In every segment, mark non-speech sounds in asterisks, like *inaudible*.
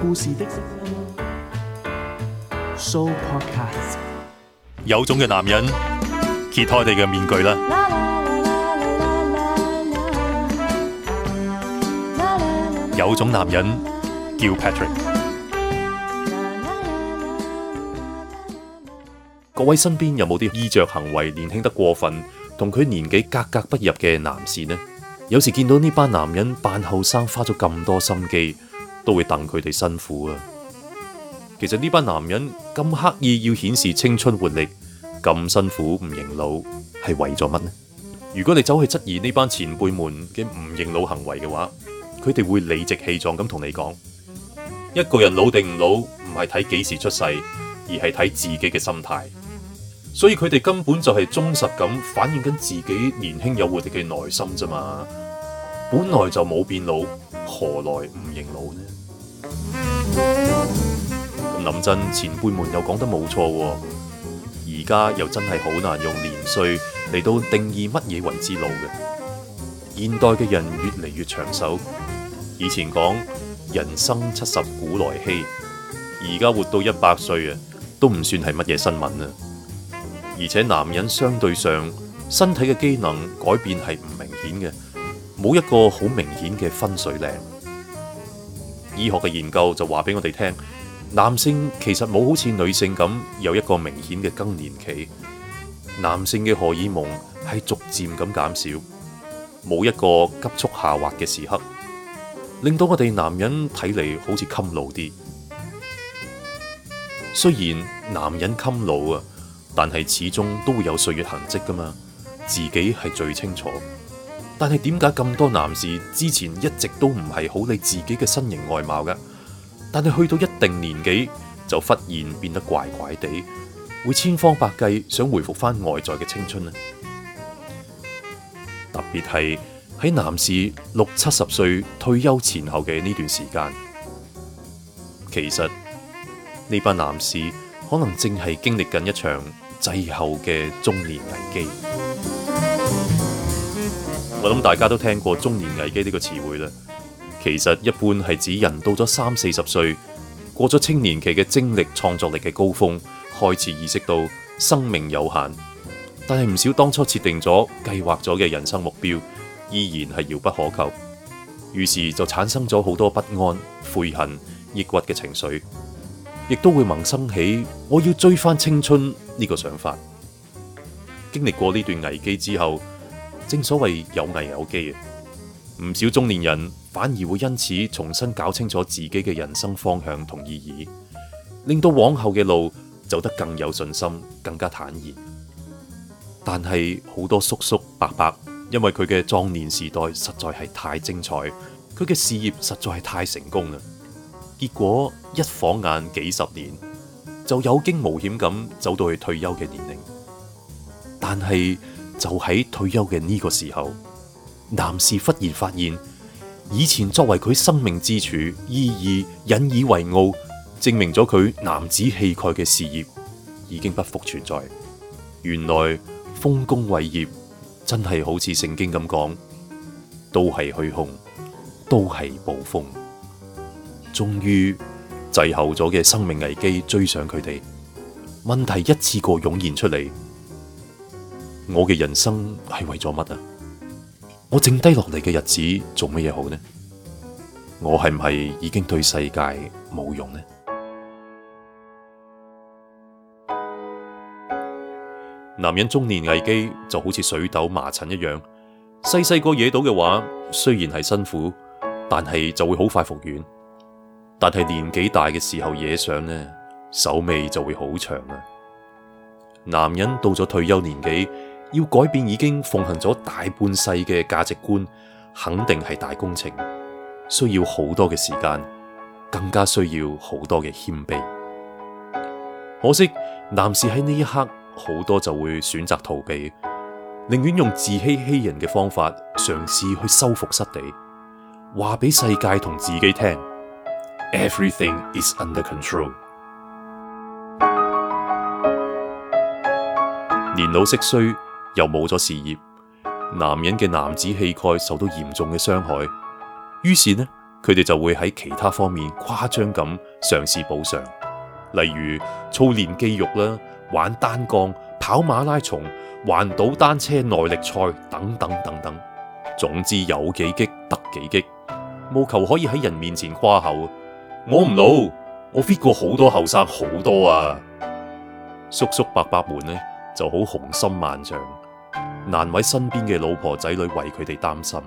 故事的 Show podcast 有種嘅男人揭開你嘅面具啦！有種男人叫 Patrick。各位身邊有冇啲衣着行為年輕得過分，同佢年紀格格不入嘅男士呢？有時見到呢班男人扮後生，花咗咁多心機。都會等佢哋辛苦啊！其實呢班男人咁刻意要顯示青春活力，咁辛苦唔認老，係為咗乜呢？如果你走去質疑呢班前輩們嘅唔認老行為嘅話，佢哋會理直氣壯咁同你講：一個人老定唔老，唔係睇幾時出世，而係睇自己嘅心態。所以佢哋根本就係忠實咁反映緊自己年輕有活力嘅內心啫嘛。本來就冇變老，何來唔認老呢？咁林震前輩們又講得冇錯，哦，而家又真係好難用年歲嚟到定義乜嘢為之老嘅。現代嘅人越嚟越長壽，以前講人生七十古來稀，而家活到一百歲啊，都唔算係乜嘢新聞啊。而且男人相對上身體嘅機能改變係唔明顯嘅。冇一個好明顯嘅分水嶺，醫學嘅研究就話俾我哋聽，男性其實冇好似女性咁有一個明顯嘅更年期，男性嘅荷爾蒙係逐漸咁減少，冇一個急速下滑嘅時刻，令到我哋男人睇嚟好似襟老啲。雖然男人襟老啊，但係始終都會有歲月痕跡㗎嘛，自己係最清楚。但係點解咁多男士之前一直都唔係好理自己嘅身形外貌嘅？但係去到一定年紀就忽然變得怪怪地，會千方百計想回復翻外在嘅青春呢。特別係喺男士六七十歲退休前後嘅呢段時間，其實呢班男士可能正係經歷緊一場滯後嘅中年危機。我諗大家都聽過中年危機呢個詞彙啦，其實一般係指人到咗三四十歲，過咗青年期嘅精力、創作力嘅高峰，開始意識到生命有限，但係唔少當初設定咗、計劃咗嘅人生目標，依然係遙不可及，於是就產生咗好多不安、悔恨、抑鬱嘅情緒，亦都會萌生起我要追翻青春呢個想法。經歷過呢段危機之後，正所謂有危有機，唔少中年人反而會因此重新搞清楚自己嘅人生方向同意義，令到往後嘅路走得更有信心，更加坦然。但係好多叔叔伯伯，因為佢嘅壯年時代實在係太精彩，佢嘅事業實在係太成功啦，結果一晃眼幾十年，就有驚無險咁走到去退休嘅年齡，但係。就喺退休嘅呢個時候，男士忽然發現以前作為佢生命支柱、意義引以為傲，證明咗佢男子氣概嘅事業已經不復存在。原來豐功偉業真係好似聖經咁講，都係虛空，都係暴風。終於滯後咗嘅生命危機追上佢哋，問題一次過湧現出嚟。我嘅人生係為咗乜啊？我剩低落嚟嘅日子做乜嘢好呢？我係唔係已經對世界冇用呢？男人中年危機就好似水痘麻疹一樣，細細個惹到嘅話，雖然係辛苦，但係就會好快復原。但係年紀大嘅時候惹上呢，手尾就會好長啊！男人到咗退休年紀。要改變已經奉行咗大半世嘅價值觀，肯定係大工程，需要好多嘅時間，更加需要好多嘅謙卑。可惜男士喺呢一刻，好多就會選擇逃避，寧願用自欺欺人嘅方法，嘗試去修復失地，話俾世界同自己聽：Everything is under control。年老色衰，又冇咗事業，男人嘅男子氣概受到嚴重嘅傷害，於是呢，佢哋就會喺其他方面誇張咁嘗試補償，例如操練肌肉啦，玩單槓、跑馬拉松、環島單車耐力賽等等等等。總之有幾激得幾激，務求可以喺人面前誇口。我唔老，我 fit 過好多後生好多啊！叔叔伯伯們呢就好雄心萬丈。難為身邊嘅老婆仔女為佢哋擔心，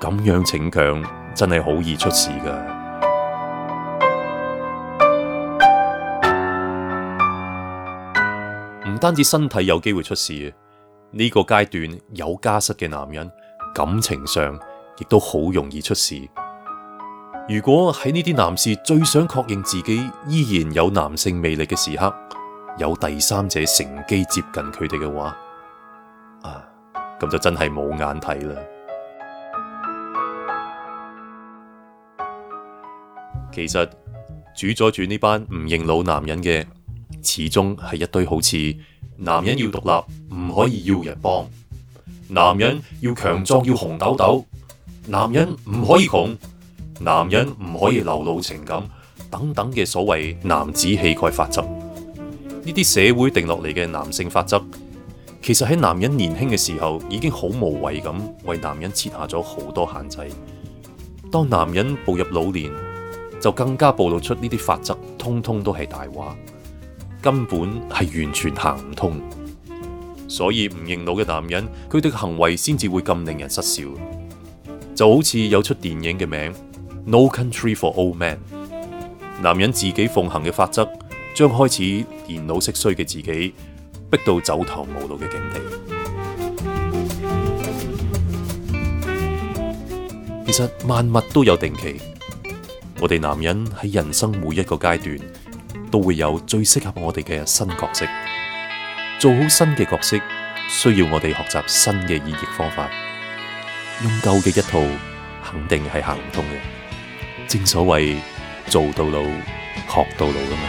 咁樣逞強真係好易出事㗎。唔 *music* 單止身體有機會出事，呢個階段有家室嘅男人感情上亦都好容易出事。如果喺呢啲男士最想確認自己依然有男性魅力嘅時刻，有第三者乘機接近佢哋嘅話。啊，咁就真係冇眼睇啦！其實主宰住呢班唔認老男人嘅，始終係一堆好似「男人要獨立，唔可以要人幫；男人要強壯，要紅豆豆；男人唔可以窮，男人唔可以流露情感，等等嘅所謂男子氣概法則。呢啲社會定落嚟嘅男性法則。其實喺男人年輕嘅時候，已經好無謂咁為男人設下咗好多限制。當男人步入老年，就更加暴露出呢啲法則，通通都係大話，根本係完全行唔通。所以唔認老嘅男人，佢哋嘅行為先至會咁令人失笑。就好似有出電影嘅名《No Country for Old Men》，男人自己奉行嘅法則，將開始年老色衰嘅自己。逼到走投無路嘅境地。其實萬物都有定期，我哋男人喺人生每一個階段都會有最適合我哋嘅新角色。做好新嘅角色，需要我哋學習新嘅演繹方法。用舊嘅一套，肯定係行唔通嘅。正所謂做到老，學到老噶嘛。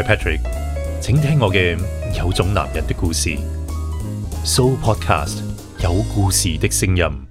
我是 Patrick，請聽我嘅有種男人的故事。Soul Podcast，有故事的聲音。